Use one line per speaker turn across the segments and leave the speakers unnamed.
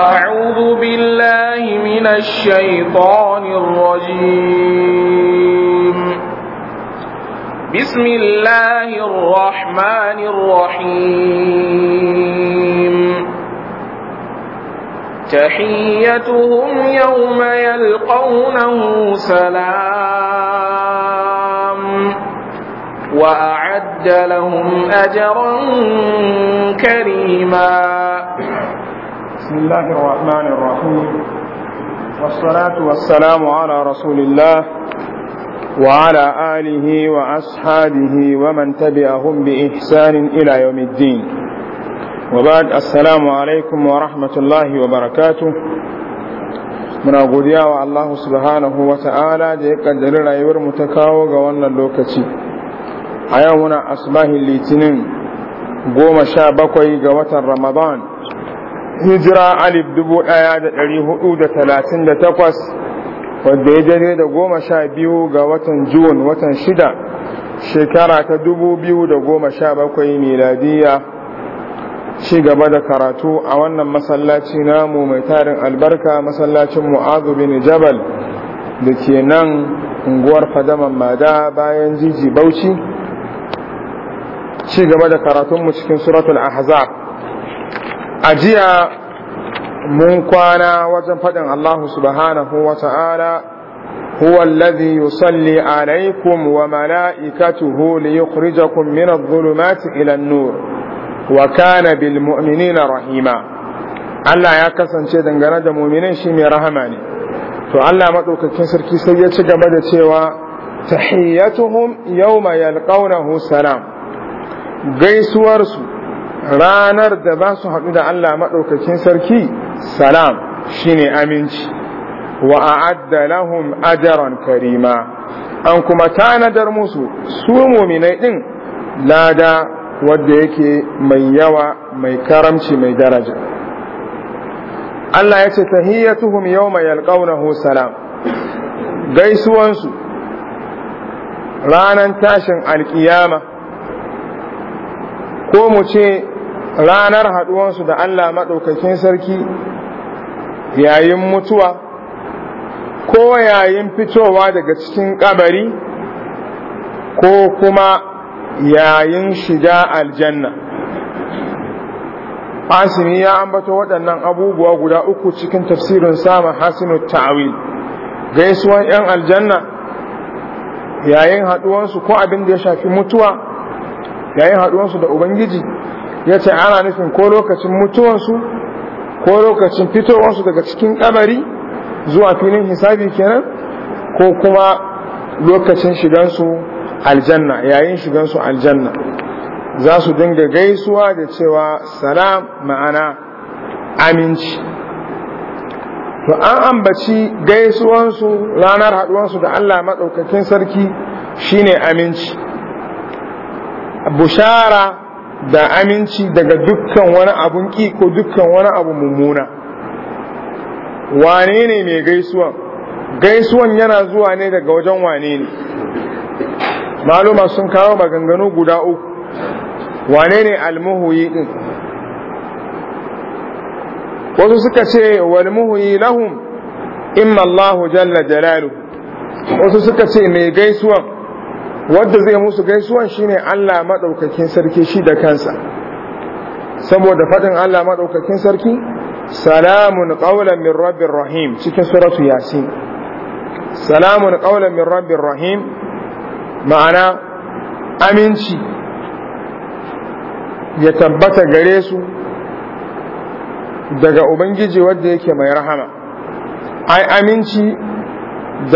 أعوذ بالله من الشيطان الرجيم بسم الله الرحمن الرحيم تحيتهم يوم يلقونه سلام وأعد لهم أجرا كريما بسم الله الرحمن الرحيم والصلاة والسلام على
رسول الله وعلى آله وأصحابه ومن تبعهم بإحسان إلى يوم الدين وبعد السلام عليكم ورحمة الله وبركاته muna godiya wa Allahu subhanahu wa ta'ala da ya kaddari rayuwar mu ta kawo ga wannan lokaci a yau muna asbahin litinin goma sha bakwai ga watan ramadan hijira alif dubu ɗaya da ɗari hudu da talatin da takwas wadda ya jare da goma sha biyu ga watan juwan watan shida shekara ta dubu biyu da goma sha bakwai miladiya ci gaba da karatu a wannan masallaci namu mai tarin albarka masallacin mu'azu bin jabal da ke nan unguwar fadaman mada bayan jiji bauchi ci gaba da karatunmu cikin suratul ahzab ajiya mun kwana wajen faɗin Allah subhanahu wa ta'ala huwa alladhi yusalli alaikum wa mala'ikatu li yukhrijakum min adh-dhulumati ila nur wa kana bil mu'minina rahima Allah ya kasance dangane da mu'minin shi mai rahama ne to Allah madaukakin sarki sai ya ci gaba da cewa tahiyyatuhum yawma yalqawnahu salam gaisuwarsu ranar da ba su haɗu da Allah maɗaukakin sarki salam shi ne aminci wa a'adda lahum ajaran karima an kuma tanadar musu su muminai ɗin lada wanda yake mai yawa mai karamci mai daraja Allah ya ce tahiyyatuhum mai yalƙaunahu salam gaisuwansu ranar tashin alƙiyama ko mu ce ranar haɗuwansu da Allah maɗaukakin sarki yayin mutuwa ko yayin fitowa daga cikin ƙabari ko kuma yayin shiga aljanna asimi ya ambato waɗannan abubuwa guda uku cikin tafsirin samun hasinu ta'awil gaisuwan 'yan aljanna yayin haɗuwansu ko abin da ya shafi mutuwa yayin haduwansu da ubangiji ya ce ana nufin ko lokacin mutuwansu ko lokacin fitowarsu daga cikin kabari zuwa filin hisabi kenan ko kuma lokacin shigansu aljanna yayin shigansu aljanna za su dinga gaisuwa da cewa salam ma'ana aminci to an ambaci gaisuwansu ranar haɗuwarsu da Allah maɗaukakin sarki shine aminci bushara da aminci daga dukkan wani abun ki ko dukkan wani abu mummuna wane ne mai gaisuwan gaisuwan yana zuwa ne daga wajen wane ne maluma sun kawo maganganu guda uku wane ne almuhuyi din wasu suka ce walmuhuyi lahum imma Allahu jalla jalalu wasu suka ce mai gaisuwan wadda zai musu gaisuwan shine Allah madaukakin sarki shi da kansa saboda fadin Allah madaukakin sarki salamun qawlan min rabbir rahim cikin suratu yasin salamun qawlan min rabbir rahim ma'ana aminci ya tabbata gare su daga ubangiji wanda yake mai rahama ai aminci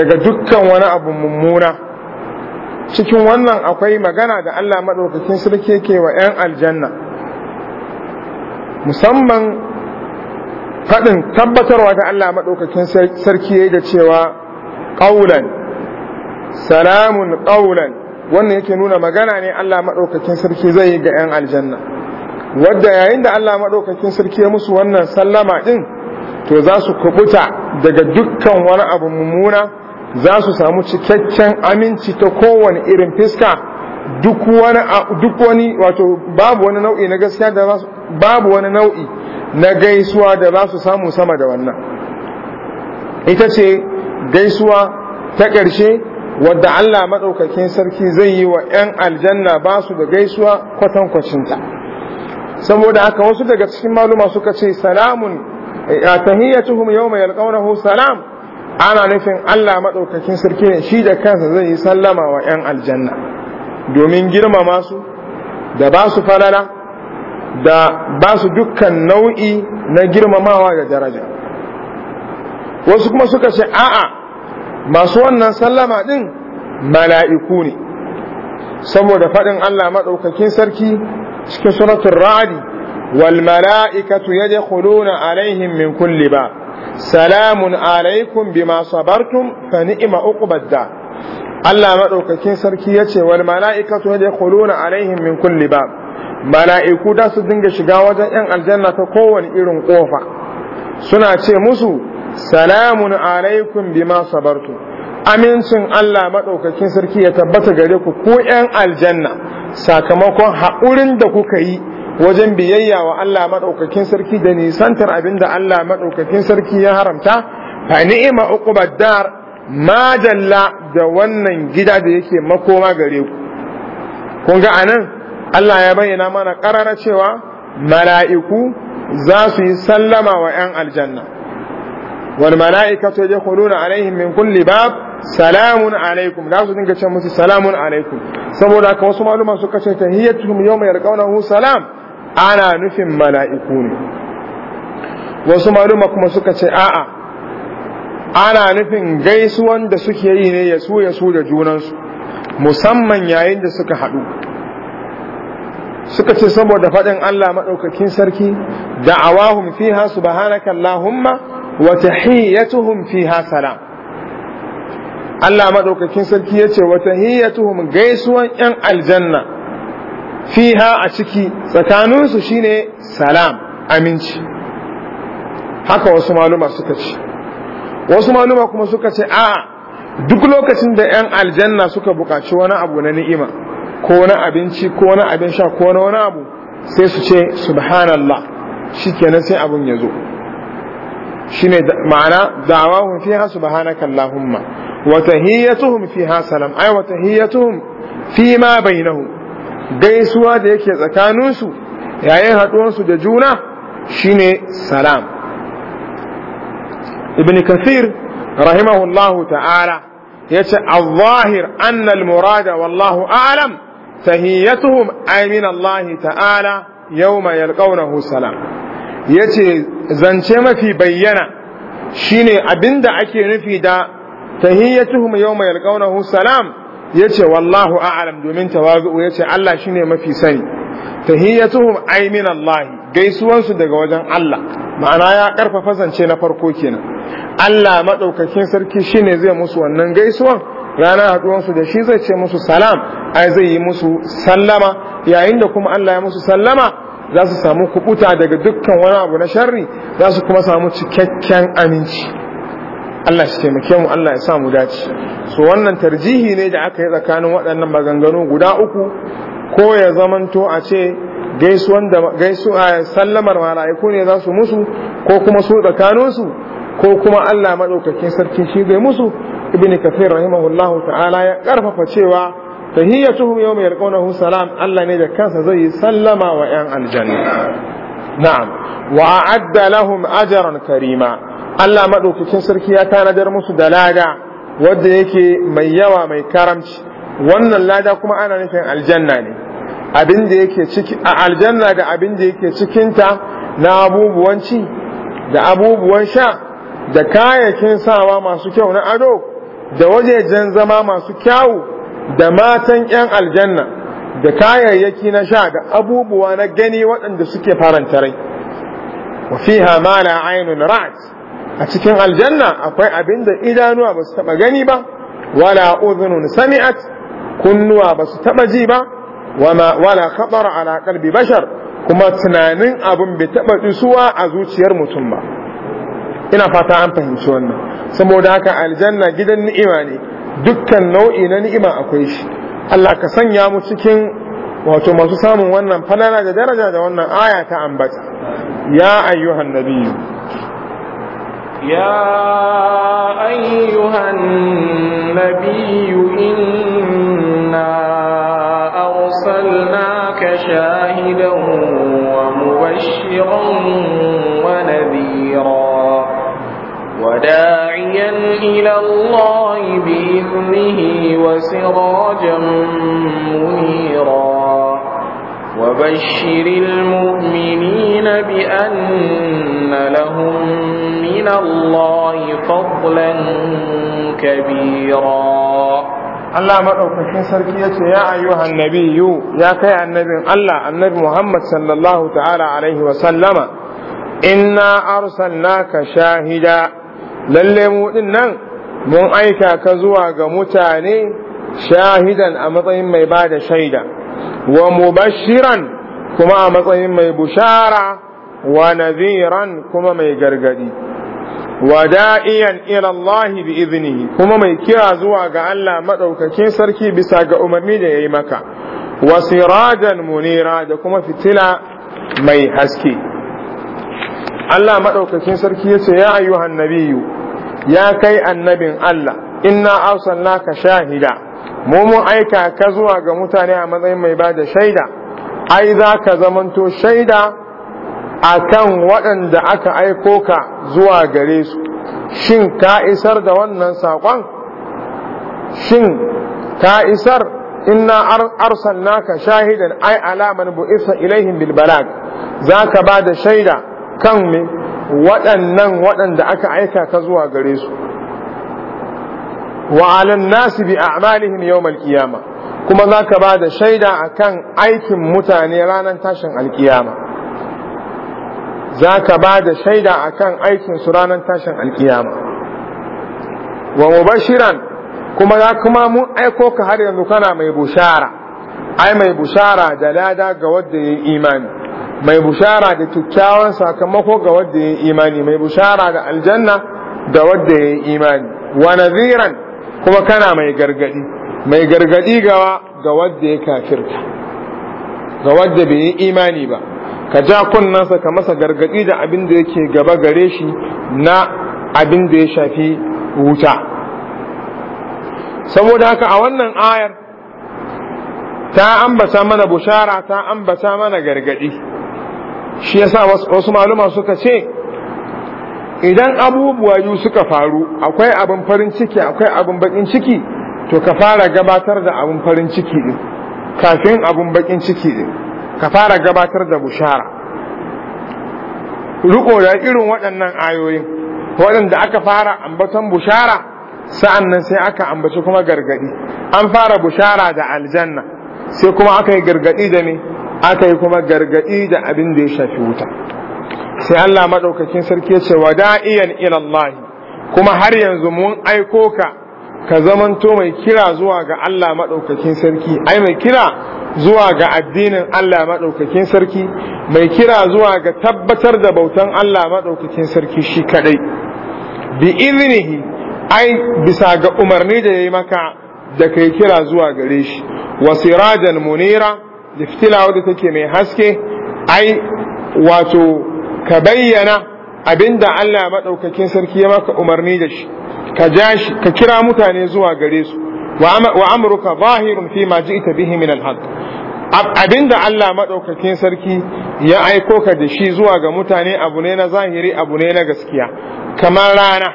daga dukkan wani abu mummuna cikin wannan akwai magana da Allah maɗaukakin sarki ke wa ‘yan aljanna musamman faɗin tabbatarwa da Allah maɗaukakin sarki ya yi da cewa ƙaunan salamun ƙaulan, wannan yake nuna magana ne Allah maɗaukakin sarki zai yi ga ‘yan aljanna wadda yayin da Allah maɗaukakin sarki ya musu wannan sallama ɗin to za su kubuta daga dukkan wani abu mummuna za su samu cikakken aminci ta kowane irin fiska duk wani duk wani wato babu wani nau'i na gaskiya da za su babu wani nau'i na gaisuwa da za su samu sama da wannan ita ce gaisuwa ta ƙarshe wadda Allah maɗaukakin sarki zai yi wa ‘yan aljanna ba su da gaisuwa kwatankwacinta saboda haka wasu daga cikin maluma suka ce salamun eh, a tahiyyatuhum yawma yalqawnahu salam ana nufin Allah maɗaukakin sarki ne shi da kansa zai yi sallama wa ‘yan aljanna domin girmama su da ba su falala da ba su dukkan nau'i na girmamawa da daraja wasu kuma suka ce a'a masu wannan sallama ɗin mala'iku ne saboda faɗin Allah maɗaukakin sarki cikin suratun ra'adi wal mala'ikatu yadkhuluna alaihim min kulli ba salamun alaikum bima sabartum fa ni'ma uqbad da Allah Maɗaukakin sarki yace wal mala'ikatu yadkhuluna alaihim min kulli bab mala'iku da su dinga shiga wajen yan aljanna ta kowane irin kofa suna ce musu salamun alaikum bima sabartum amincin Allah Maɗaukakin sarki ya tabbata gare ku ko yan aljanna sakamakon haƙurin da kuka yi wajen biyayya wa Allah maɗaukakin sarki da nisantar abin da Allah maɗaukakin sarki ya haramta fa ni'ima uqbad dar ma da wannan gida da yake makoma gare ku kun ga anan Allah ya bayyana mana karara cewa mala'iku za su yi sallama wa 'yan aljanna wal mala'ikatu yadkhuluna alaihim min kulli bab salamun alaikum za su dinga ce musu salamun alaikum saboda ka wasu maluma suka ce ta mu yawma mai salam ana nufin mala'iku ne wasu maluma kuma suka ce a'a ana nufin gaisuwan da suke yi ne ya su ya su da junansu musamman yayin da suka haɗu suka ce saboda faɗin Allah maɗaukakin sarki da awahun fiha subhanaka Allahumma wa tahiyyatuhum fiha salam Allah maɗaukakin sarki ya ce wa tahiyyatuhum gaisuwan ‘yan aljanna fiha a ciki tsakaninsu shine salam aminci haka wasu maluma suka ce wasu maluma kuma suka ce a duk lokacin da 'yan aljanna suka buƙaci wani abu na ni'ima ko na abinci ko na abin sha ko na wani abu sai su ce subhanallah shi kenan sai abin ya zo shi ne ma'ana da'awahun fiha subhanakallahumma allahumma wa tahiyyatuhum fiha salam ay wa tahiyyatuhum fi ma bainahum gaisuwa da yake tsakaninsu yayin haɗuwarsu da juna shine salam ibn kathir rahimahullahu ta'ala yace al-zahir annal murada wallahu alam tahiyyatuhum amin Allah ta'ala yawma yalqawnahu salam yace zance mafi bayyana shine abinda ake nufi da tahiyyatuhum yawma yalqawnahu salam ya ce wallahu a'alam domin tawazu'u. ya ce Allah shi ne mafi sani tahiyyatuhum ay min Allah gaisuwansu daga wajen Allah ma'ana ya karfafa zance na farko kenan Allah madaukakin sarki shine zai musu wannan gaisuwan ranar haduwansu da shi zai ce musu salam ai zai yi musu sallama yayin da kuma Allah ya musu sallama za su samu kuɓuta daga dukkan wani abu na sharri za su kuma samu cikakken aminci Allah shi taimake mu Allah ya sa mu dace so wannan tarjihi ne da aka yi tsakanin waɗannan maganganu guda uku ko ya zamanto a ce gaisuwan da gaisuwa sallamar mala'iku ne za su musu ko kuma su tsakaninsu ko kuma Allah madaukakin sarki shi zai musu ibn kafir rahimahullahu ta'ala ya karfafa cewa tahiyatuhum yawm yalqawnahu salam Allah ne da kansa zai yi sallama wa 'yan aljanna na'am wa a'adda lahum ajran karima Allah maɗaukakin sarki ya tanadar musu da lada wadda yake mai yawa mai karamci wannan lada kuma ana nufin aljanna ne abin da yake ciki a aljanna da abin da yake cikinta na abubuwan ci da abubuwan sha da kayayyakin sawa masu kyau na ado da wajejen zama masu kyau da matan ƴan aljanna da kayayyaki na sha da abubuwa na gani waɗanda suke faranta rai wa fiha ma la aynul a cikin aljanna akwai abin da idanuwa ba su taɓa gani ba wala uzunun sami'at kunnuwa ba su taɓa ji ba wala khatar ala bashar kuma tunanin abin bai taɓa isuwa a zuciyar mutum ba ina fata an fahimci wannan saboda haka aljanna gidan ni'ima ne dukkan nau'i na ni'ima akwai shi Allah ka sanya mu cikin wato masu samun wannan falala da daraja da wannan aya ta ambata ya ayyuhan nabiyyu
يا أيها النبي إنا أرسلناك شاهدا ومبشرا ونذيرا وداعيا إلى الله بإذنه وسراجا منيرا وبشر المؤمنين بأن لهم من الله فضلا كبيرا Allah maɗaukakin sarki ya ce, Ya ayyuhan Nabiyu, ya kai
annabin Allah, annabi Muhammad sallallahu ta'ala alaihi wa sallama, inna arsalnaka shahida, lalle mu ɗin nan mun aika ka zuwa ga mutane shahidan a matsayin mai ba da shaida. wa mubashiran kuma a matsayin mai bushara wa nadhiran kuma mai gargadi wa da'iyan ila Allah bi iznihi kuma mai kira zuwa ga Allah madaukakin sarki bisa ga umarni da yayi maka wa sirajan munira da kuma fitila mai haske Allah madaukakin sarki yace ya ayyuhan nabiyyu ya kai annabin Allah inna arsalnaka shahida mu mun aika ka zuwa ga mutane a matsayin mai ba da shaida ai za ka zamanto shaida a kan waɗanda aka aiko ka zuwa gare su shin ka isar da wannan saƙon shin ka isar na arsan naka shahidan ai alaman bu'isa isa ilaihin bilbalag za ka ba da shaida kan waɗannan waɗanda aka aika ka zuwa gare su Wa'alan nasibi nasi bi a'malihim yawm al-qiyama kuma zaka ba da shaida akan aikin mutane ranar tashin alkiyama zaka ba da shaida akan aikin su ranar tashin alkiyama wa mubashiran kuma za kuma mun aiko ka har yanzu kana mai bushara ai mai bushara da lada ga wanda yi imani mai bushara da kyakkyawan sakamako ga wanda yi imani mai bushara da aljanna da wanda yayi imani wa nadhiran kuma kana mai gargadi mai gargadi gawa ga wadda ya kafirta ga wadda bai yi imani ba ka ja kunnansa ka masa gargadi da abin da yake gaba gare shi na abin da ya shafi wuta saboda haka a wannan ayar ta ambata mana bushara ta ambata mana gargadi shi yasa wasu maluma suka ce idan abubuwa yi suka faru akwai abin farin ciki akwai abin bakin ciki to ka fara gabatar da abin farin ciki din kafin abin bakin ciki din ka fara gabatar da bushara ruko da irin waɗannan ayoyin waɗanda aka fara ambaton bushara sa'an nan sai aka ambaci kuma gargadi an fara bushara da aljanna sai kuma aka yi gargadi da ne aka yi kuma gargadi da abin da ya shafi wuta sai Allah madaukakin sarki ya ce wada'iyan ila Allah kuma har yanzu mun aiko ka ka zamanto mai kira zuwa ga Allah maɗaukakin sarki ai mai kira zuwa ga addinin Allah maɗaukakin sarki mai kira zuwa ga tabbatar da bautan Allah maɗaukakin sarki shi kaɗai bi iznihi ai bisa ga umarni da ya yi maka da kai kira zuwa gare shi wa sirajan munira da fitila wadda take mai haske ai wato ka bayyana abinda Allah maɗaukakin sarki ya maka umarni da shi ka ja shi ka kira mutane zuwa gare su wa amurka zahirun fi ma ji'ta bihi min al abinda Allah maɗaukakin sarki ya aiko ka da shi zuwa ga mutane abu ne na zahiri abu ne na gaskiya kamar rana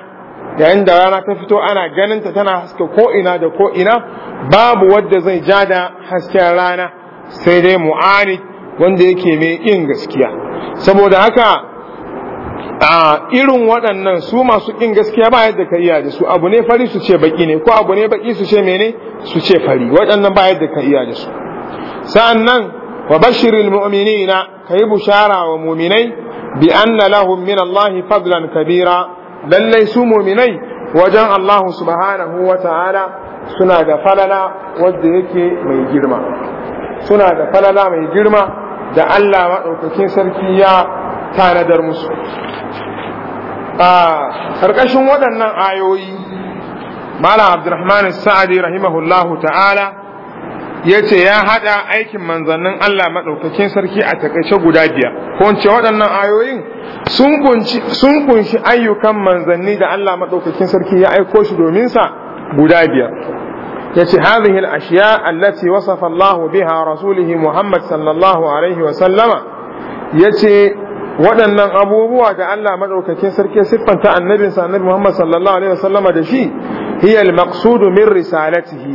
yayin da rana ta fito ana ganinta tana haske ko ina da ko ina babu wadda zai ja da hasken rana sai dai mu'anid wanda yake mai ƙin gaskiya saboda haka a irin waɗannan su masu ƙin gaskiya ba yadda ka iya da su abu ne fari su ce baki ne ko abu ne baki su ce mene su ce fari waɗannan ba yadda ka iya da su sa'an nan wa bashirin na ka yi bushara wa muminai bi na lahun min Allah fadlan kabira lallai su muminai wajen Allah subhanahu wa ta'ala suna da falala wadda yake mai girma suna da falala mai girma da Allah maɗaukakin sarki ya tanadar musu a ƙarƙashin waɗannan ayoyi malam Abdulrahman sa'adi rahimahullahu ta'ala ya ce ya haɗa aikin manzannin Allah maɗaukakin sarki a takaice guda biyar ko waɗannan ayoyin sun kunshi ayyukan manzanni da Allah maɗaukakin sarki ya aiko shi domin sa guda biyar yace hadhihi al-ashya allati wasafa Allah biha rasulihi Muhammad sallallahu alaihi wa sallama yace waɗannan abubuwa da Allah madaukakin sarki siffanta annabinsa annabi Muhammad sallallahu alaihi wa sallama da shi hiya al-maqsud min risalatihi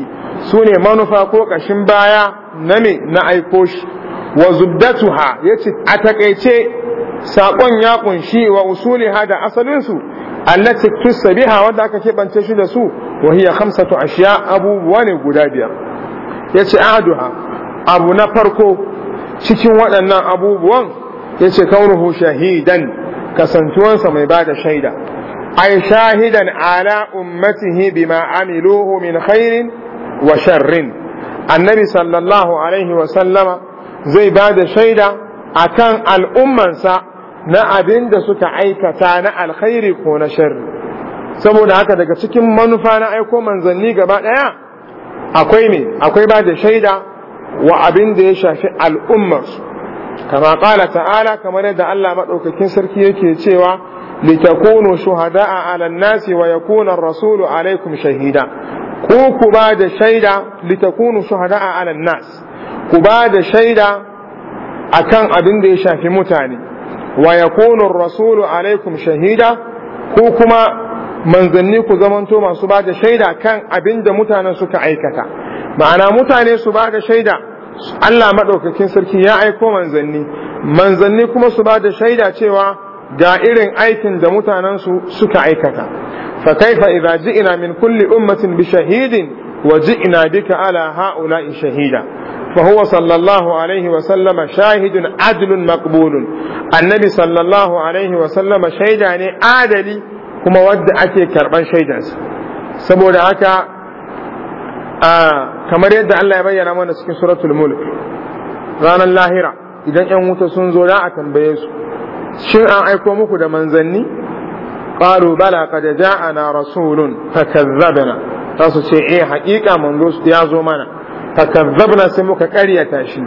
sune manufa ko kashin baya na me na aiko shi wa zubdatuha yace a takeice sakon ya kunshi wa usuliha da asalinsu allati kissa wanda aka keɓance shi da su wahiya hiya khamsatu ashiya abubuwa ne guda biyar yace aduha abu na farko cikin waɗannan abubuwan yace kaunuhu shahidan kasantuwansa mai bada shaida ay shahidan ala ummatihi bima amiluhu min khairin wa sharrin annabi sallallahu alaihi wa sallama zai bada shaida akan al'ummansa na abin da suka aikata na alkhairi ko na sharri saboda haka daga cikin manufa na aiko manzanni gaba ɗaya akwai ne akwai ba da shaida wa abin da ya shafi al'ummarsu kama ƙala ta'ala kamar yadda Allah maɗaukakin sarki yake cewa litakunu a ala nasi wa yakuna rasulu alaikum shahida ko ku ba da shaida litakunu a ala nas ku ba da shaida akan abin da ya shafi mutane wa yakunu rasulu alaikum shahida ko kuma manzanni ku zamanto masu ba da shaida kan abin da mutanen suka aikata ma'ana mutane su ba da shaida Allah maɗaukakin sarki ya aiko manzanni manzanni kuma su ba da shaida cewa ga irin aikin da mutanensu suka aikata fa kaifa idza ji'na min kulli ummatin bi shahidin wa ji'na bika ala ha'ula'i shahida فهو صلى الله عليه وسلم شاهد عدل مقبول النبي صلى الله عليه وسلم شيداني عادلي kuma wadda ake karban shaidansa saboda haka kamar yadda Allah ya bayyana mana cikin suratul mulk ranar lahira idan ‘yan wuta sun zo za a tambaye su shin an aiko muku da manzanni ƙalu bala qad ja'ana rasulun fakazzabna ta su ce eh haƙiƙa ya zo mana fakazzabna sai muka karyata shi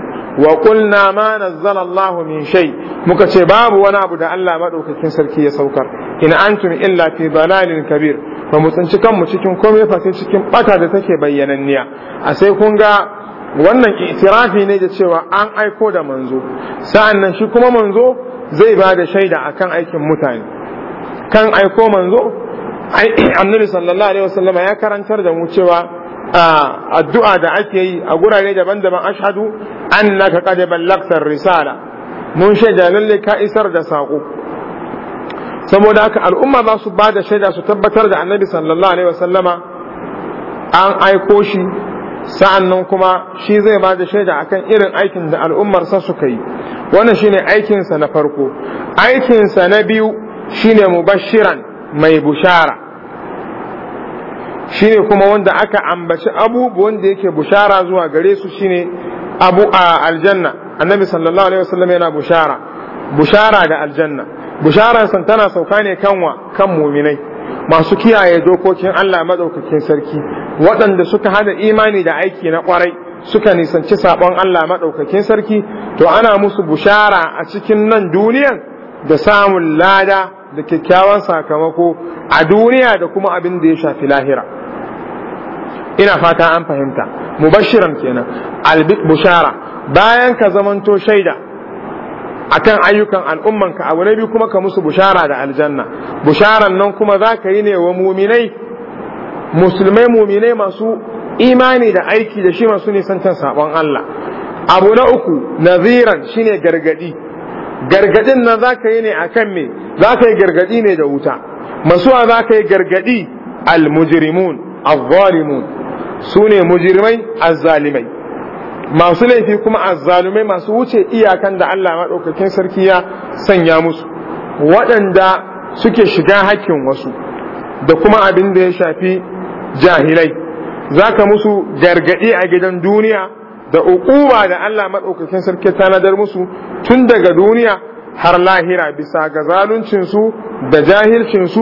wa qulna ma nazzala min shai. muka ce babu wani abu da Allah madaukakin sarki ya saukar in antum illa fi dalalin kabir fa mu tsinci kanmu cikin komai fa cikin ɓata da take bayyananniya a sai kun ga wannan itirafi ne da cewa an aiko da manzo sa'an nan shi kuma manzo zai ba da shaida a kan aikin mutane kan aiko manzo annabi sallallahu alaihi wasallama ya karantar da mu cewa addu'a da ake yi a gurare daban-daban ashhadu annaka qad ballagta risala mun shaida lalle ka isar da sako saboda haka al'umma za su ba da shaida su tabbatar da annabi sallallahu alaihi wasallama an aiko shi sa'annan kuma shi zai ba da shaida akan irin aikin da al'ummarsa suka yi wannan shine aikinsa na farko aikinsa na biyu shine mubashiran mai bushara shine kuma wanda aka ambaci abubuwan da yake bushara zuwa gare su shine abu a aljanna annabi sallallahu alaihi wasallam yana bushara bushara ga aljanna Bushararsa san tana sauka ne kanwa kan muminai masu kiyaye dokokin Allah madaukakin sarki waɗanda suka hada imani da aiki na kwarai suka nisanci sabon Allah madaukakin sarki to ana musu bushara a cikin nan duniyan da samun lada da kyakkyawan sakamako a duniya da kuma abin da ya shafi lahira ina fata an fahimta mubashiran kenan albik bushara bayan ka zamanto shaida akan ayyukan al'ummanka abu na biyu kuma ka musu bushara da aljanna busharan nan kuma za ka yi ne wa muminai musulmai muminai masu imani da aiki da shi masu nisantan sabon Allah abu na uku naziran shine gargadi gargadin nan za ka yi ne akan me za ka yi gargadi ne da wuta masuwa za ka yi gargadi al-mujrimun al-zalimun su ne mujirmai azzalimai masu laifi kuma azzalumai masu wuce iyakan da Allah maɗaukakin sarki ya sanya musu waɗanda suke shiga hakkin wasu da kuma abin da ya shafi jahilai za ka musu gargaɗi a gidan duniya da uquba da Allah maɗaukakin sarki tanadar musu tun daga duniya har lahira bisa ga zaluncinsu da jahilcinsu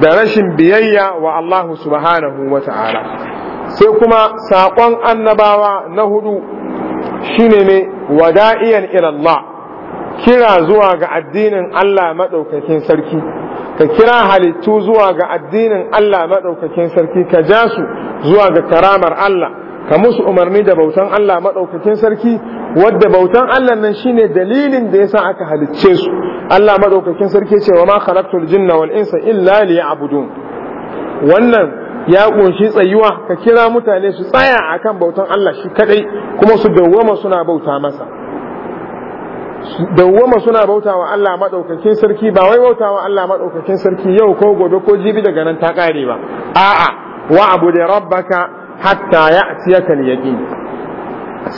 da rashin biyayya wa Allah subhanahu wa ta'ala sai kuma saƙon annabawa na hudu shine ne wada'iyan ilalla. kira zuwa ga addinin Allah maɗaukakin sarki ka kira halittu zuwa ga addinin Allah maɗaukakin sarki ka ja su zuwa ga karamar Allah ka musu umarni da bautan Allah maɗaukakin sarki wadda bautan Allah nan shine dalilin da ya sa aka halicce su Allah maɗaukakin sarki ce wa ma khalaqtul jinna wal insa illa abudun wannan ya kunshi tsayuwa ka kira mutane su tsaya akan bautan Allah shi kadai kuma su dawwama suna bauta masa dawwama suna bauta wa Allah madaukakin sarki ba wai bauta wa Allah madaukakin sarki yau ko gobe ko jibi daga nan ta kare ba a'a wa abu da rabbaka hatta ya'tiyaka al-yaqin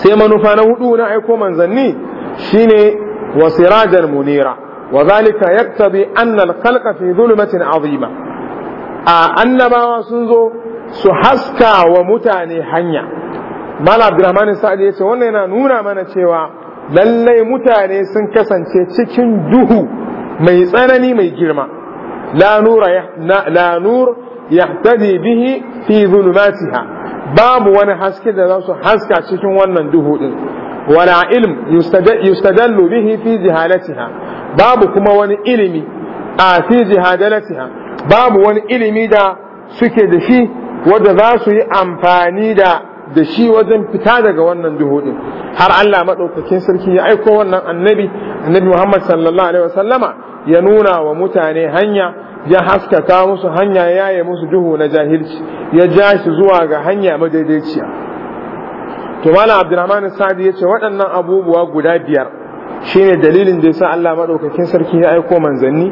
sai manufa na hudu na aiko manzanni shine wa sirajan munira wa zalika yaktabi anna al-khalqa fi dhulumatin azima a annabawa sun zo su haska wa mutane hanya mala abdurrahman Sa'adu ya ce wannan yana nuna mana cewa lallai mutane sun kasance cikin duhu mai tsanani mai girma la nur yahtadi bihi fi zulumatiha babu wani haske da za su haska cikin wannan duhu din wala ilm yustadallu bihi fi jihalatiha babu kuma wani ilimi a fi jihadalatiha babu wani ilimi da suke da shi wadda za su yi amfani da da shi wajen fita daga wannan duhudin har Allah maɗaukakin sarki ya aiko wannan annabi annabi Muhammad sallallahu alaihi wasallama ya nuna wa mutane hanya ya haskaka musu hanya ya yaye musu duhu na jahilci ya ja shi zuwa ga hanya madaidaiciya to mala sadi sadi yace waɗannan abubuwa guda biyar shine dalilin da yasa Allah madaukakin sarki ya aiko manzanni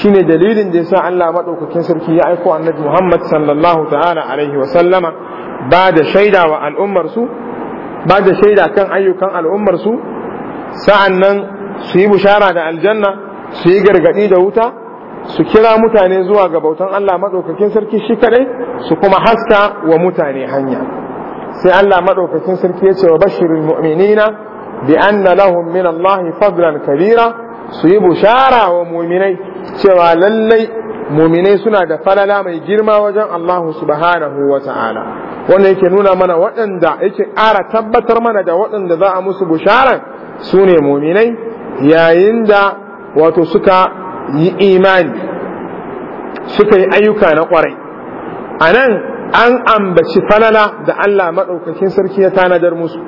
shine dalilin da yasa Allah madaukakin sarki ya aiko Annabi Muhammad sallallahu ta'ala alaihi wa sallama ba da shaida wa al'ummar ba da shaida kan ayyukan al'ummar su nan su yi bushara da aljanna su yi gargadi da wuta su kira mutane zuwa ga bautan Allah maɗaukakin sarki shi kadai su kuma haska wa mutane hanya sai Allah maɗaukakin sarki ya ce wa bashirul mu'minina bi anna lahum min Allah kabira su yi bushara wa muminai cewa lallai muminai suna da falala mai girma wajen Allahu subhanahu wa ta'ala wanda yake nuna mana waɗanda yake ƙara tabbatar mana da waɗanda za a musu bushara su ne muminai yayin da wato suka yi imani suka yi ayyuka na ƙwarai a nan an ambaci falala da Allah maɗaukakin sarki ya tanadar musu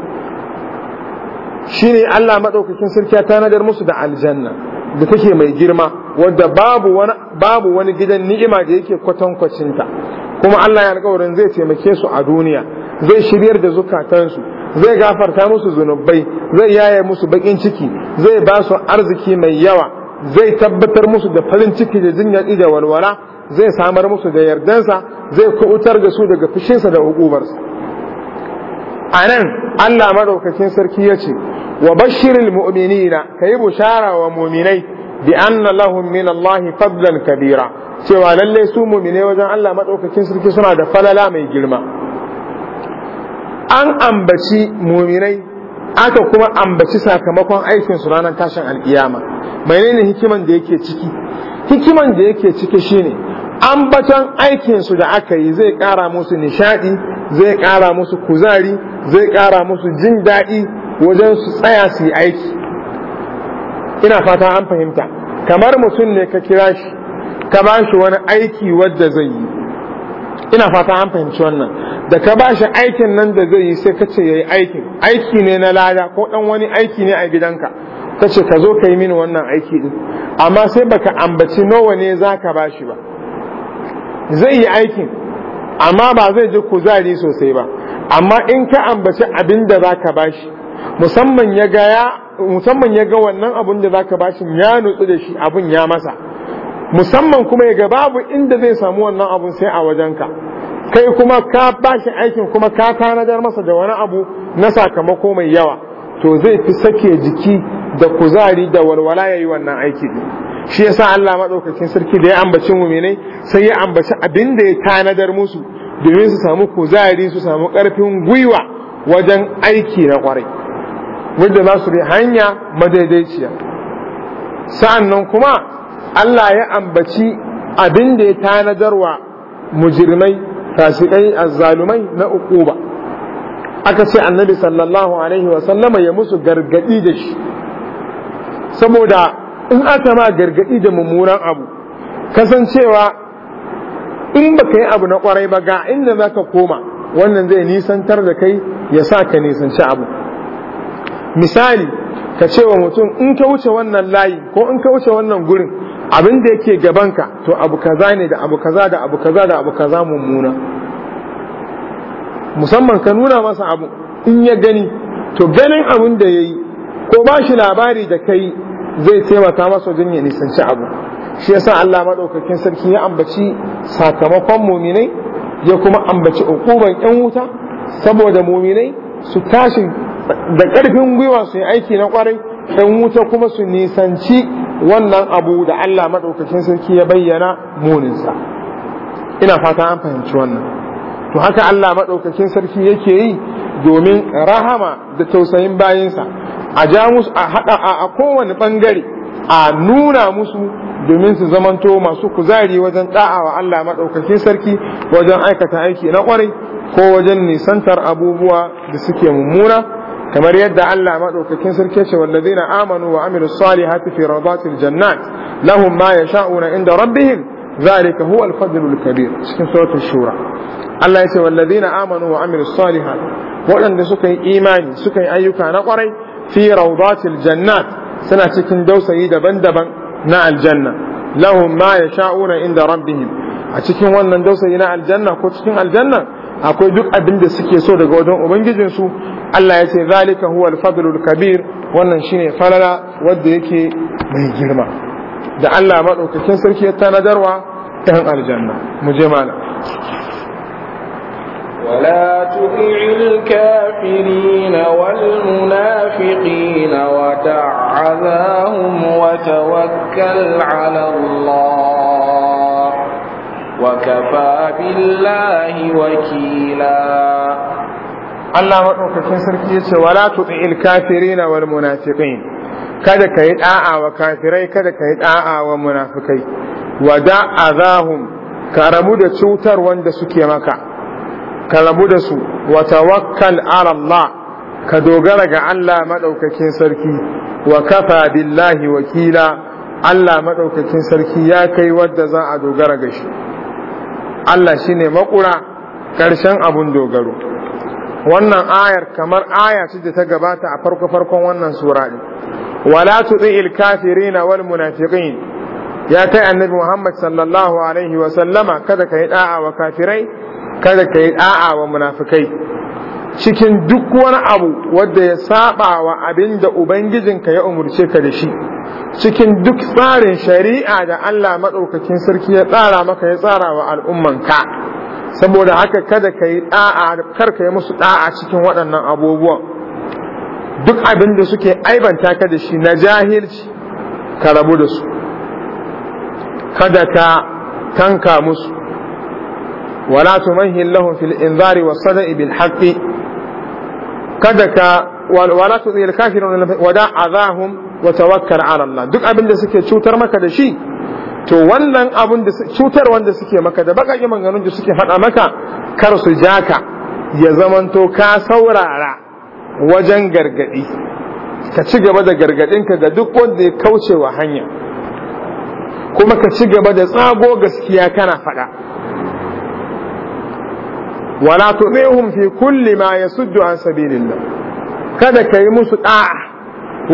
shine Allah madaukakin sarkiya ta tanadar musu da aljanna da take mai girma wadda babu wani babu wani gidan ni'ima da yake kwatankwacin ta kuma Allah ya alƙawarin zai taimake su a duniya zai shiryar da zukatansu zai gafarta musu zunubai zai yaye musu bakin ciki zai ba su arziki mai yawa zai tabbatar musu da farin ciki da jin da walwala zai samar musu da yardansa zai kubutar da su daga fushinsa da hukubarsa a nan Allah maɗaukakin sarki ya ce wa bashirin mu'minina ka yi bushara wa muminai bi anna lahum min Allah fadlan kabira cewa lallai su muminai wajen Allah maɗaukakin sarki suna da falala mai girma an ambaci muminai aka kuma ambaci sakamakon aikin su ranar tashin alkiyama menene hikiman da yake ciki hikiman da yake ciki shine ambaton aikin su da aka yi zai kara musu nishadi zai kara musu kuzari zai ƙara musu jin daɗi wajen su tsaya su yi aiki ina fata an fahimta kamar mutum ne ka kira shi ka ba shi wani aiki wadda zai yi ina fata an fahimci wannan da ka ba shi aikin nan da zai yi sai ka ce ya yi aikin aiki ne na lada ko ɗan wani aiki ne a gidanka ka ce ka zo ka yi mini wannan aiki ɗin amma sai baka ambaci nawa ne za ka ba shi ba zai yi aikin amma ba zai ji kuzari sosai ba amma in ka ambaci abin da za ka bashi musamman ya ga wannan abin da za ka bashi ya nutsu da shi abin ya masa musamman kuma ya ga babu inda zai samu wannan abin sai a wajenka kai kuma ka bashi aikin kuma ka tanadar masa da wani abu na sakamako mai yawa to zai fi sake jiki da kuzari da walwala ya yi wannan aiki shi ya sa Allah maɗaukacin sarki da ya ambaci muminai sai ya ambaci abin da ya tanadar musu domin su samu kuzari su samu ƙarfin gwiwa wajen aiki na ƙwarai wadda za su hanya madaidaiciya sa'an nan kuma Allah ya ambaci abin da ya tanadarwa mujirmai fasikai azzalumai na ukuba aka ce annabi sallallahu alaihi wasallama ya musu gargadi da shi saboda in aka ma gargadi da mummunan abu kasancewa in ba ka yi abu na kwarai ba ga inda za ka koma wannan zai nisantar da kai ya sa ka nisanci abu misali ka ce wa mutum in ka wuce wannan layi ko in ka wuce wannan gurin abin da yake gabanka to abu kaza ne da abu kaza da abu kaza da abu kaza mummuna musamman ka nuna masa abu in ya gani to ganin abin da ya yi ko ba shi labari da kai zai taimaka masa wajen ya nisanci abu shi yasa Allah madaukakin sarki ya ambaci sakamakon muminai ya kuma ambaci ukuban yan wuta saboda muminai su tashi da ƙarfin gwiwa su yi aiki na kwarai yan wuta kuma su nisanci wannan abu da Allah madaukakin sarki ya bayyana muninsa ina fata an fahimci wannan to haka Allah madaukakin sarki yake yi domin rahama da tausayin bayinsa a jamus a haɗa a kowane ɓangare. a nuna musu domin su zamanto masu kuzari wajen da'a wa Allah maɗaukakin sarki wajen aikata aiki na ƙwarai ko wajen nisantar abubuwa da suke mummuna kamar yadda Allah maɗaukakin sarki ce na amanu wa amilu hafi fi radatil jannat lahum ma sha'una, inda rabbihim zalika huwa al-fadlul kabir cikin suratul shura Allah ya ce na amanu wa amilu salihati waɗanda suka yi imani suka yi ayyuka na ƙwarai fi radatil jannat suna cikin dausayi daban-daban na aljanna lahum ma sha'una inda rabbihim a cikin wannan dausayi na aljanna ko cikin aljanna akwai duk abin da suke so daga wajen ubangijin su Allah ya ce zalika huwal fadlul kabir wannan shine falala wanda yake mai girma da Allah madaukakin sarki ya tanadarwa ɗan aljanna mu je mana
ولا تطع الكافرين والمنافقين ودع عذاهم وتوكل على الله وكفى بالله وكيلا Allah maɗaukakin
sarki ya ce wala tuti'il kafirina wal kada ka yi da'a wa kada ka yi da'a wa wada azahum ka rabu da cutar wanda suke maka ka rabu da su wa tawakkal ala Allah ka dogara ga Allah madaukakin sarki wa kafa billahi wakila Allah madaukakin sarki ya kai wadda za a dogara ga shi Allah shine makura karshen abun dogaro wannan ayar kamar aya ce da ta gabata a farko farkon wannan sura ne wala tu'il kafirina wal munafiqin ya kai annabi Muhammad sallallahu alaihi wa sallama kada ka yi da'a wa kafirai kada ka yi ɗa'a wa munafikai cikin duk wani abu wanda ya saba wa abin da ubangijinka ya umurce ka da shi cikin duk tsarin shari'a da Allah maɗaukakin sarki ya tsara maka ya tsara wa al'ummanka saboda haka kada ka yi da'a kar ka yi musu ɗa'a cikin waɗannan abubuwan duk abin da suke aibanta ka da shi na jahilci ka rabu da su kada ka tanka musu wala tumahhil lahum fil inzari was sada'i bil haqqi kada ka wala tudhi al kafirun wa da'adhahum wa tawakkal ala Allah duk abin da suke cutar maka da shi to wannan abin da cutar wanda suke maka da baka maganganun da suke faɗa maka kar su jaka ya zamanto ka saurara wajen gargadi ka ci gaba da ka ga duk wanda ya kaucewa wa hanya kuma ka ci gaba da tsago gaskiya kana faɗa wala tu'ihum fi kulli ma yasuddu an sabilillah kada ka yi musu ɗa'a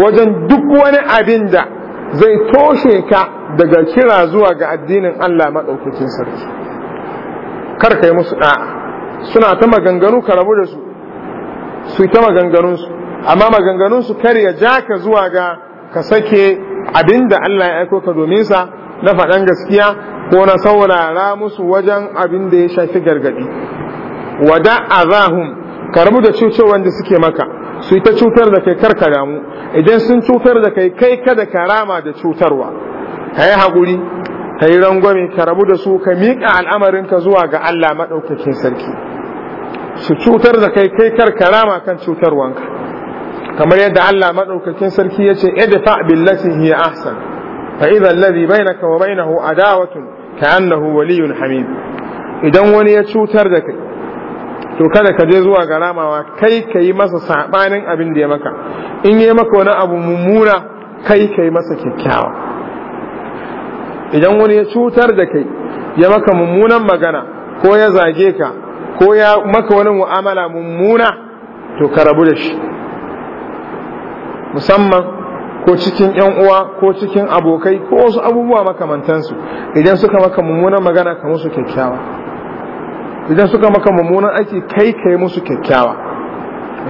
wajen duk wani abin da zai toshe ka daga kira zuwa ga addinin Allah madaukakin sarki kar ka yi musu ɗa'a, suna ta maganganu ka rabu da su su ta maganganun su amma maganganun su kar ya ja ka zuwa ga ka sake abin da Allah ya aiko ka domin sa na faɗan gaskiya ko na saurara musu wajen abin da ya shafi gargaɗi wada azahum ka rabu da cucewan da suke maka su ta cutar da kai karka damu idan sun cutar da kai kai kada ka rama da cutarwa ka yi haƙuri ka yi rangwame ka rabu da su ka miƙa al'amarinka zuwa ga Allah maɗaukakin sarki su cutar da kai kai karka rama kan cutarwanka kamar yadda Allah maɗaukakin sarki ya ce idfa billati hiya ahsan fa idha alladhi bainaka wa bainahu adawatun ka'annahu waliyyun hamid idan wani ya cutar da kai to kada ka je zuwa garamawa, kai ka yi masa saɓanin abin da ya maka in yi maka wani abu mummuna kai ka yi masa kyakkyawa idan wani ya cutar da kai ya maka mummunan magana ko ya zage ka ko ya maka wani mu'amala mummuna to ka rabu da shi musamman ko cikin ‘yan uwa ko cikin abokai ko wasu abubuwa makamantansu idan suka maka mummunan magana ka musu kyakkyawa idan suka maka mummunan aiki kai kai musu kyakkyawa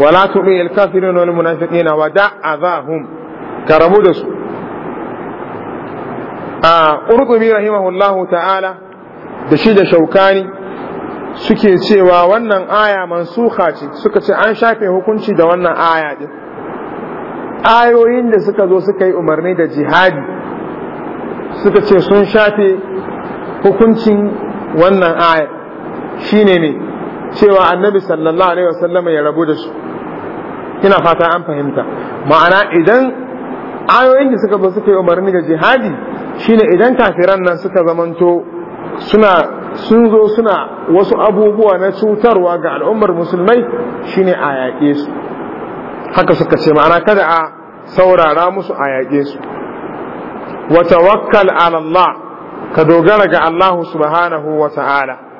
wala tubi al kafirin wal munafiqina wa da'azahum karamu da su a qurtubi rahimahullahu ta'ala da shi da shaukani suke cewa wannan aya mansuha ce suka ce an shafe hukunci da wannan aya din ayoyin da suka zo suka yi umarni da jihadi suka ce sun shafe hukuncin wannan ayar shine ne cewa annabi sallallahu alaihi wasallam ya rabu da su ina fata an fahimta ma'ana idan ayoyin da suka zo suka yi umarni ga jihadi shine idan kafiran nan suka zamanto suna sun zo suna wasu abubuwa na cutarwa ga al'ummar musulmai shine a yaƙe su haka suka ce ma'ana kada a saurara musu a yaƙe su wa tawakkal ala ka dogara ga Allah subhanahu wa ta'ala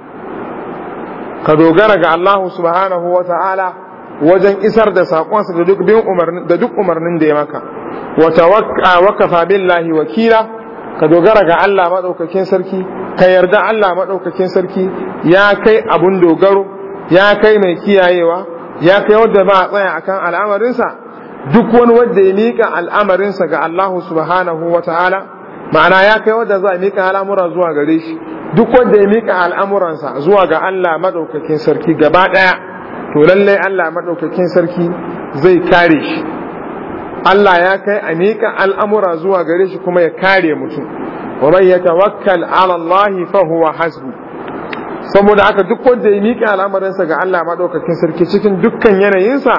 ka dogara ga Allah subhanahu wa ta'ala wajen isar da saƙonsa da duk umarnin da duk umarnin da ya maka wa tawakka wa kafa billahi wakila ka dogara ga Allah madaukakin sarki ka yarda Allah madaukakin sarki ya kai abun dogaro ya kai mai kiyayewa ya kai wanda ba a tsaya akan al'amarinsa duk wani wanda ya miƙa al'amarinsa ga Allah subhanahu wa ta'ala ma'ana ya kai wanda za a mika al'amura zuwa gare shi duk wanda ya mika al'amuransa zuwa ga Allah maɗaukakin sarki gaba ɗaya. to lallai Allah maɗaukakin sarki zai kare shi Allah ya kai a mika al'amura zuwa gare shi kuma ya kare mutum wa man yatawakkal ala Allah fa huwa hasbu saboda haka duk wanda ya mika al'amuransa ga Allah maɗaukakin sarki cikin dukkan yanayinsa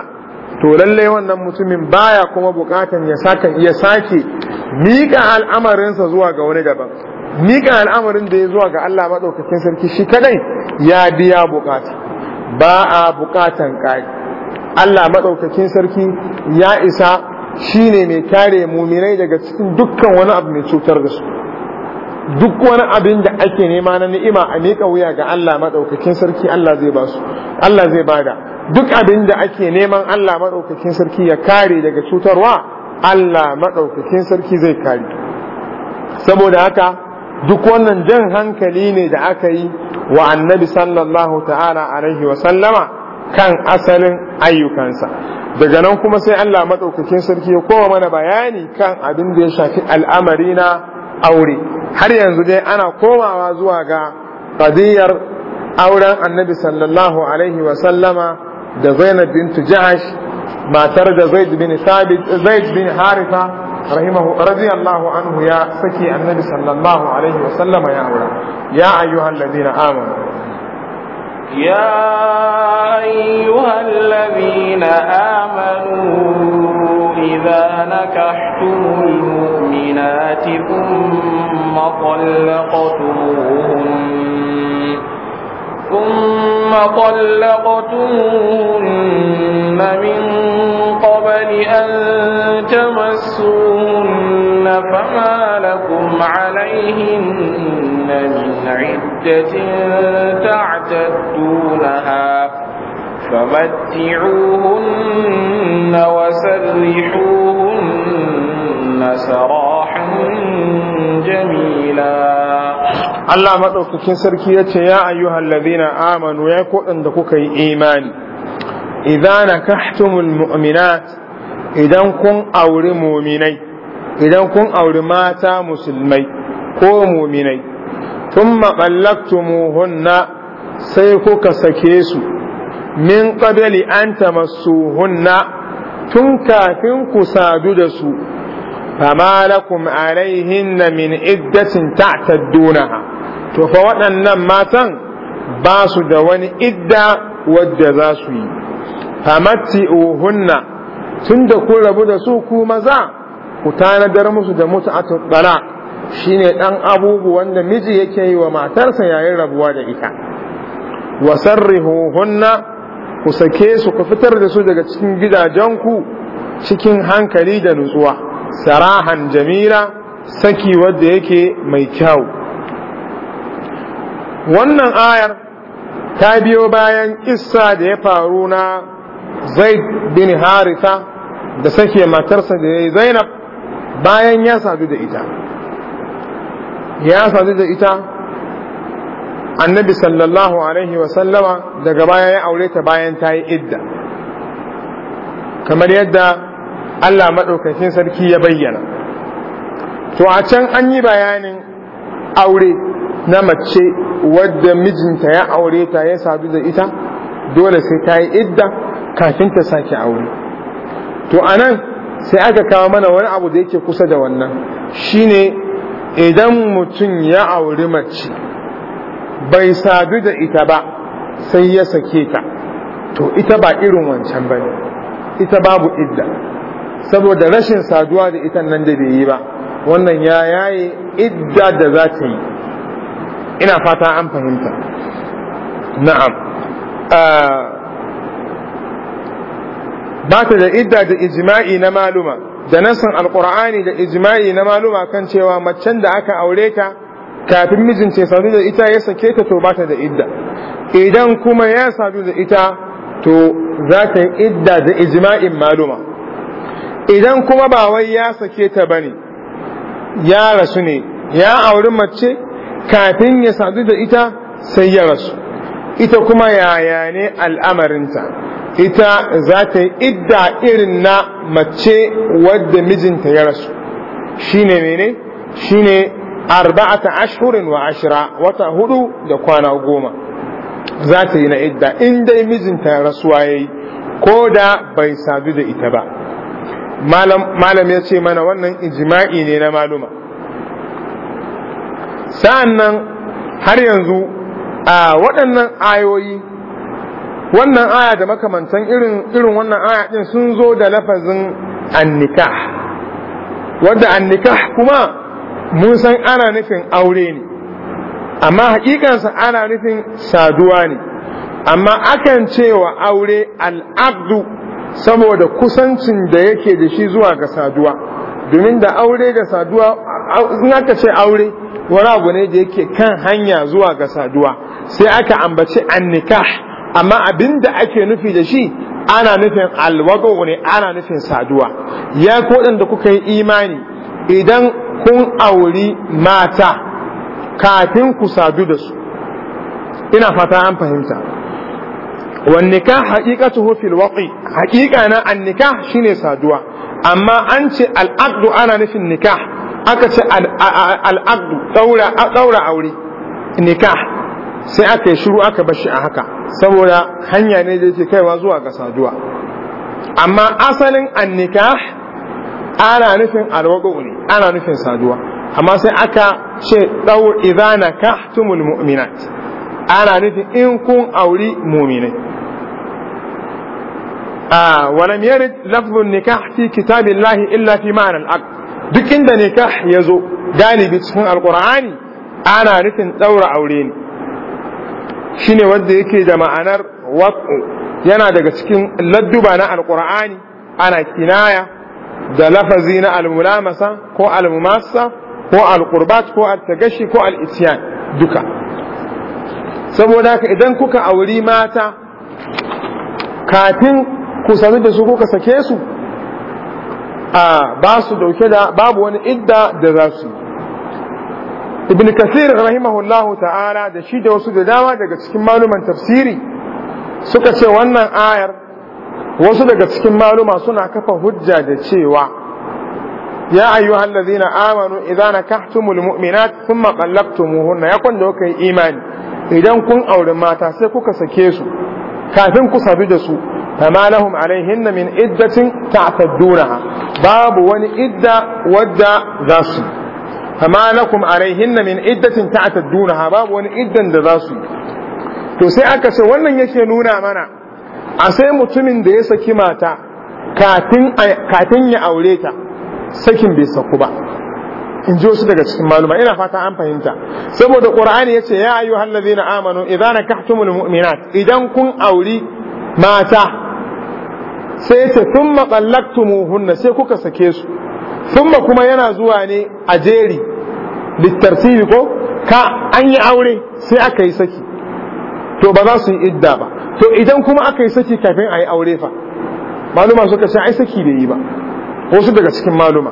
to lallai wannan mutumin baya kuma bukatan ya sake miƙa al'amarinsa zuwa ga wani daban miƙa al'amarin da ya zuwa ga Allah maɗaukakin sarki shi kadai ya biya bukata ba a bukatan ƙari Allah maɗaukakin sarki ya isa shi ne mai kare muminai daga cikin dukkan wani abu mai cutar da su duk wani abin da ake nema na ni'ima a miƙa wuya ga Allah maɗaukakin sarki Allah zai ba su Allah zai bada duk abin da ake neman Allah maɗaukakin sarki ya kare daga cutarwa Allah maɗaukakin sarki zai kari saboda haka duk wannan jan hankali ne da aka yi wa annabi sallallahu ta'ala alaihi wa sallama kan asalin ayyukansa daga nan kuma sai Allah maɗaukakin sarki ya kowa mana bayani kan abin da ya shafi al'amari na aure har yanzu dai ana komawa zuwa ga qadiyar auren annabi sallallahu alaihi wa sallama da Zainab bintu Ja'ash ما ترد زيد بن ثابت زيد بن حارثة رحمه رضي الله عنه يا سكي النبي صلى الله عليه وسلم يا أولا يا أيها الذين آمنوا
يا أيها الذين آمنوا إذا نكحتم المؤمنات ثم طلقتموهن ثم طلقتموهن من قبل أن تمسوهن فما لكم عليهن من عدة تعتدونها فمتعوهن وسرحوهن سراحا جميلا
Allah maɗaukakin sarki ya ce ya ayyuhal ladina amanu ya kuɗin da kuka yi imani idan nakahtumul mu'minat idan kun auri muminai idan kun auri mata musulmai ko muminai thumma qallaktumuhunna sai kuka sake su min qabli an tamassuhunna tun kafin ku sadu da su fama lakum alaihinna min iddatin ta'taddunaha to fa waɗannan matan ba su da wani idda wadda za su yi famatti uhunna tun da ku rabu da su ku maza ku tanadar musu da mutu a tuttara shi ne ɗan abubuwan da miji yake yi wa matarsa yayin rabuwa da ita wa sarrihuhunna ku sake su ku fitar da su daga cikin gidajenku cikin hankali da nutsuwa sarahan jamila saki wanda yake mai kyau wannan ayar ta biyo bayan Issa da ya faru na zai bin harita da sake matarsa da ya yi zainab bayan ya sadu da ita ya sadu da ita annabi sallallahu alaihi wasallama daga baya ya aure ta bayan ta yi idda kamar yadda allah maɗaukakin sarki ya bayyana to a can an yi bayanin aure na mace wadda mijinta ya aure ta ya sadu da ita dole sai ta yi idda kafin ta sake aure to anan sai aka kawo mana wani abu da yake kusa da wannan shine idan mutum ya auri mace bai sadu da ita ba sai ya sake ta to ita ba irin wancan ba ne ita babu idda saboda rashin saduwa da ita nan da bai yi ba wannan ya yaye idda da za ta yi ina fata an fahimta na'am ah, ba ta da idda da ijma'i na maluma da nasan alkur'ani da ijma'i na maluma kan cewa macen da aka aure ta kafin mijin ce sadu da ita ya sake ta to ba ta da idda idan kuma ya sadu da ita to za ta yi idda da ijma'in maluma idan kuma ba wai ya sake ta bane ya rasu ne ya auri mace kafin ya sadu da ita sai ya rasu ita kuma yaya ne al'amarinta ita za ta yi idda irin na mace wadda mijinta ya rasu shi ne mene shi ne arba'ata ashirin wa ashira wata hudu da kwana goma za ta yi na idda in dai mijinta ya rasuwa ya ko da bai sadu da ita ba malam ya ce mana wannan ijima'i ne na maluma sa'an nan har yanzu a waɗannan ayoyi wannan aya da makamantan irin irin wannan aya ɗin sun zo da lafazin annika. Wadda annika kuma mun san ana nufin aure ne amma hakikansa ana nufin saduwa ne amma akan cewa aure al'abdu saboda kusancin da yake da shi zuwa ga saduwa domin da aure da saduwa in aka ce aure wani abu ne da yake kan hanya zuwa ga saduwa sai aka ambaci annikah amma abin da ake nufi da shi ana nufin alwago ne ana nufin saduwa ya kodan da kuka yi imani idan kun auri mata kafin ku sadu da su ina fata an fahimta wannika haƙiƙatu fil waqi haƙiƙa na shi shine saduwa amma an ce al'adu ana nufin nikah aka ce al'adu ɗaura aure nikah sai aka yi shiru aka bashi a haka saboda hanya ne da yake kaiwa zuwa ga saduwa amma asalin annikah ana nufin alwago ne ana nufin saduwa amma sai aka ce ɗau idana kahtumul mu'minat ana nufin in kun auri mu'minai ولم يرد لفظ النكاح في كتاب الله إلا في معنى العقد duk inda nikah ya zo galibi cikin alkur'ani ana nufin ɗaura aure ne Shi ne wanda yake da ma'anar wasu yana daga cikin ladduba na alkur'ani ana kinaya da lafazi na almulamasa ko almumasa ko alkurbat ko altagashi ko al'isiyan duka saboda ka idan kuka auri mata kafin ku sami da su kuka sake su a ba su dauke da babu wani idda da za su ibn kasir rahimahullahu ta'ala da shi da wasu da dama daga cikin maluman tafsiri suka ce wannan ayar wasu daga cikin maluma suna kafa hujja da cewa ya ayyuhal ladzina amanu idza nakahtumul mu'minat thumma qallabtumuhunna ya kun da yi imani idan kun auri mata sai kuka sake su kafin ku sabi da su فما لهم عليهن من عدة تعتدونها باب ون إدة ودى ذاسي فما لكم عليهن من عدة تعتدونها باب ون إدة ذاسي to sai aka ce wannan yake nuna mana a sai mutumin da ya saki mata katin ya aure ta sakin bai saku ba in ji wasu daga cikin maluma ina fata an fahimta saboda ƙur'ani yace ya ayyuhallazina amanu na nakahtumul mu'minat idan kun auri mata sai ya ce sun matsalaktumuhunna sai kuka sake su sun kuma yana zuwa ne a jeri littarsibi ko ka an yi aure sai aka yi saki to ba za su yi idda ba to idan kuma aka yi saki kafin a yi aure fa maluma suka ce ai saki bai yi ba wasu daga cikin maluma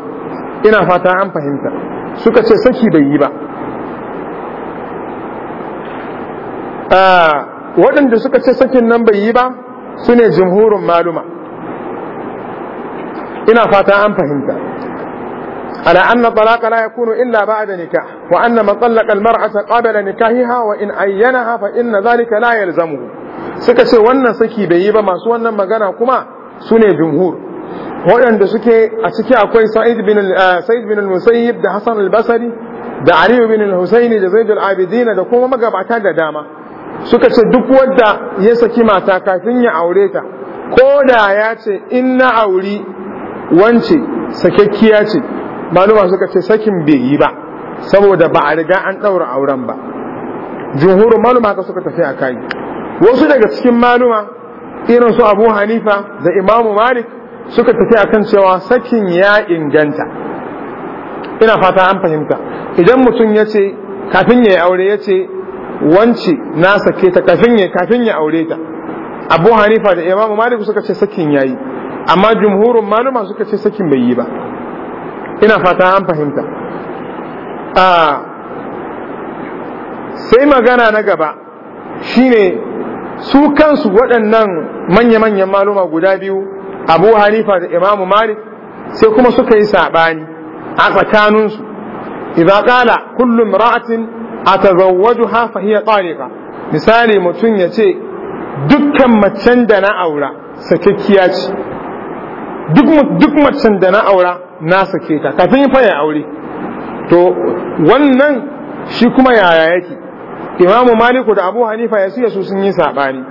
ina fata an fahimta suka ce saki bai yi ba ah, waɗanda suka ce sakin nan bai yi ba su ne jimhurin maluma ina fata an fahimta على أن الطلاق لا يكون إلا بعد نكاح وأن من طلق المرأة قبل نكاحها وإن عينها فإن ذلك لا يلزمه suka ce wannan saki bai yi ba masu wannan magana kuma su ne jumhur waɗanda suke a ciki akwai sa'id bin eh, al-musayyib da Hassan al-basri da ali bin al-husaini da zaid al-abidin da kuma magabata da dama suka ce duk wanda ya saki mata kafin ya aure ta ko da ya ce in na auri wance sakakkiya ce maluma suka ce sakin bai yi ba saboda ba a riga an ɗaura auren ba jumhurin maluma haka suka tafi a kai wasu daga cikin maluma irin su abu hanifa da imamu malik suka tafi a kan cewa sakin ya inganta ina fata an fahimta idan mutum ya ce kafin ya yi aure ya ce wance na sake ta kafin kafin ya aure ta abu hanifa da imamu malik suka ce sakin ya yi amma jumhurin maluma suka ce sakin bai yi ba ina fata an fahimta sai magana na gaba shine su kansu waɗannan manya-manyan maluma guda biyu abu hanifa da imamu malik sai kuma suka yi saɓani a tsakaninsu idan ƙala kullum ra'atin a tazawwaju hafa hiya tsarika misali mutum ya ce dukkan macen da na aura sakakkiya ce duk macen da na aura na sake ta kafin yi faya aure to wannan shi kuma yaya yake imamu maliku da abu hanifa ya suya su sun yi saɓani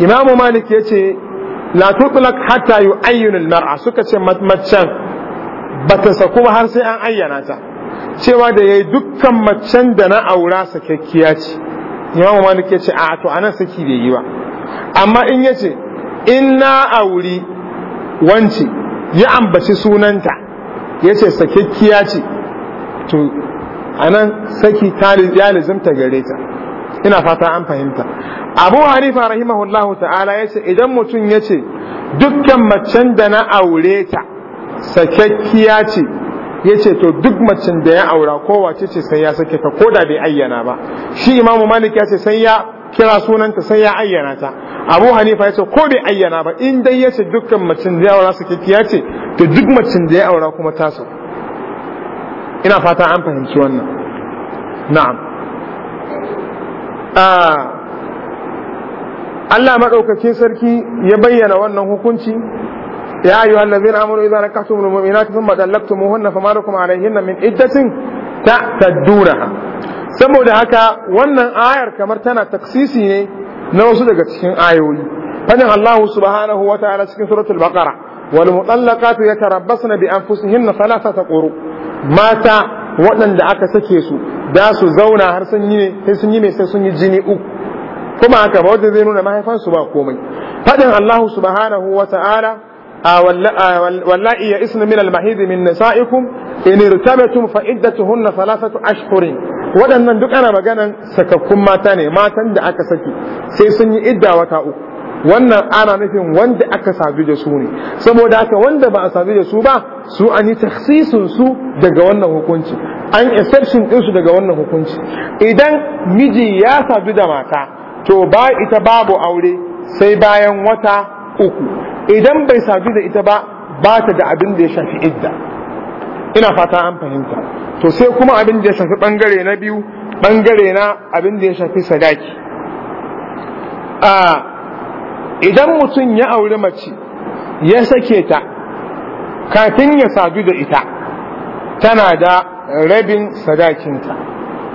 imamu malik ya ce la tutlak hatta yu ayyunul mar'a suka ce macen ba ta saku ba har sai an ayyana ta cewa da yayi dukkan macen da na aura sakakkiya ce imamu malik ya ce a to anan saki bai yi ba amma in yace in na auri wance ya ambaci sunanta ya ce sakakkiya ce to a nan saki ya lizimta gare ta ina fata an fahimta abu harifa rahimahullahu ta'ala ya ce idan mutum ya ce dukkan macen da na aure ta sakakkiya ce ya ce to duk macen da ya aura kowace ce sai ya sake ta ko da bai ayyana ba shi imamu malik ya ce sai ya kira sunanta sai ya ayyana ta abu hanifa ya ce ko bai ayyana ba in dai ya ce dukkan macin da ya aura su ya ce to duk macin da ya aura kuma tasu ina fata an fahimci wannan na'am ah, Allah maɗaukakin sarki ya bayyana wannan hukunci يا أيها الذين آمنوا إذا نكحتم المؤمنات ثم طلقتموهن فما alayhinna min iddatin ta تعتدونها saboda haka wannan ayar kamar tana taksisi ne na wasu daga cikin ayoyi fadin Allah subhanahu wa ta'ala cikin suratul baqara wal mutallaqatu yatarabbasna bi anfusihinna thalathata quru mata waɗanda aka sake su da su zauna har sun yi sai sun yi mai sai sun yi jini uku kuma haka ba wanda zai nuna mahaifansu ba komai fadin Allah subhanahu wa ta'ala wallahi ya isna min al-mahid min nisa'ikum in irtabtum fa iddatuhunna thalathatu ashhurin waɗannan duk ana maganan sakakkun mata ne matan da aka saki sai sun yi idda wata uku wannan ana nufin wanda aka sadu da su ne saboda haka wanda ba a sadu da su ba su an yi taksisin su daga wannan hukunci an exception din daga wannan hukunci idan miji ya sadu da mata to ba ita babu aure sai bayan wata uku idan bai sadu da ita ba ba ta da abin da ya shafi idda ina fata an fahimta to sai kuma abin da ya shafi bangare na biyu bangare na abin da ya shafi sadaki a idan mutum ya auri mace ya sake ta kafin ya sadu da ita tana da rabin sadakinta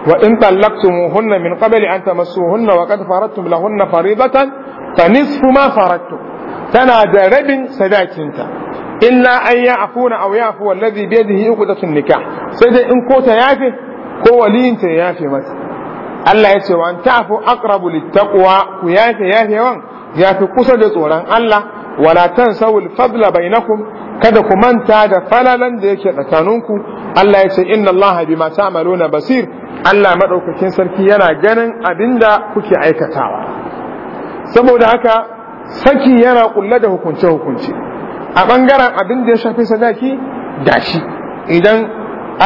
wa in muhunna min qabli an tamassuhunna wa qad faradtum lahunna faridatan fa nisfu ma faradtum tana da rabin sadakinta illa an ya afuna aw ya afuwa alladhi bi yadihi sun nikah sai dai in ko ta yafe ko waliyinta ya yafe mata Allah ya ce wa an ta'fu aqrabu littaqwa ku yafe yafe ya yafi kusa da tsoron Allah wala tan sawul fadla bainakum kada ku manta da falalan da yake tsakaninku Allah ya ce inna Allah bima ta'maluna basir Allah madaukakin sarki yana ganin abinda kuke aikatawa saboda haka saki yana kulle da hukunce hukunce a bangaren abin da ya shafi sadaki gashi idan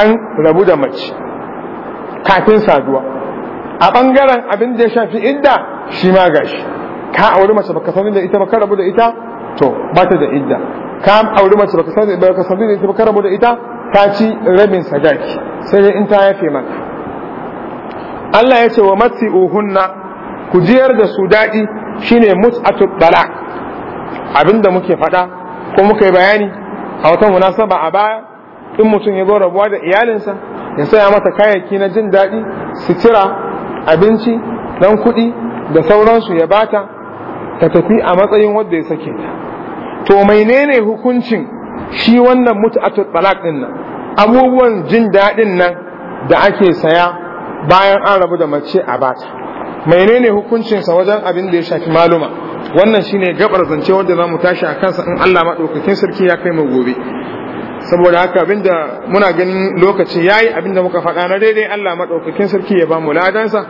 an rabu da mace kafin saduwa a bangaren abin da ya shafi idda shi ma gashi ka auri mace baka sanin da ita baka rabu da ita to ba ta da idda ka auri mace baka sanin da baka sanin da ita baka rabu da ita ta ci rabin sadaki sai dai in ta yafe maka Allah ya ce wa matsi uhunna ku jiyar da su daɗi shine mut'atu dala abinda muke faɗa ko muka yi bayani a wata munasaba a baya in mutum ya zo rabuwa da iyalinsa ya saya mata kayayyaki na jin daɗi sutura abinci dan kuɗi da sauransu ya bata ta tafi a matsayin wanda ya sake ta to menene hukuncin shi wannan mut'atu talaq din nan abubuwan jin daɗin nan da ake saya bayan an rabu da mace a bata menene hukuncinsa wajen abin da ya shafi maluma wannan shine gabar zance wanda zamu tashi a kansa in Allah madaukakin sarki ya kai mu gobe saboda haka abinda muna ganin lokaci yayi abinda muka faɗa na daidai Allah madaukakin sarki ya ba mu ladansa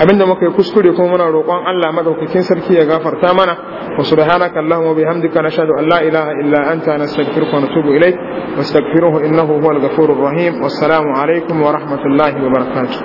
abinda muka yi kuskure kuma muna roƙon Allah madaukakin sarki ya gafarta mana wa subhanaka allahumma bihamdika nashhadu an la ilaha illa anta nastaghfiruka wa natubu ilayk wastaghfiruhu innahu huwal ghafurur rahim wassalamu alaikum wa rahmatullahi wa barakatuh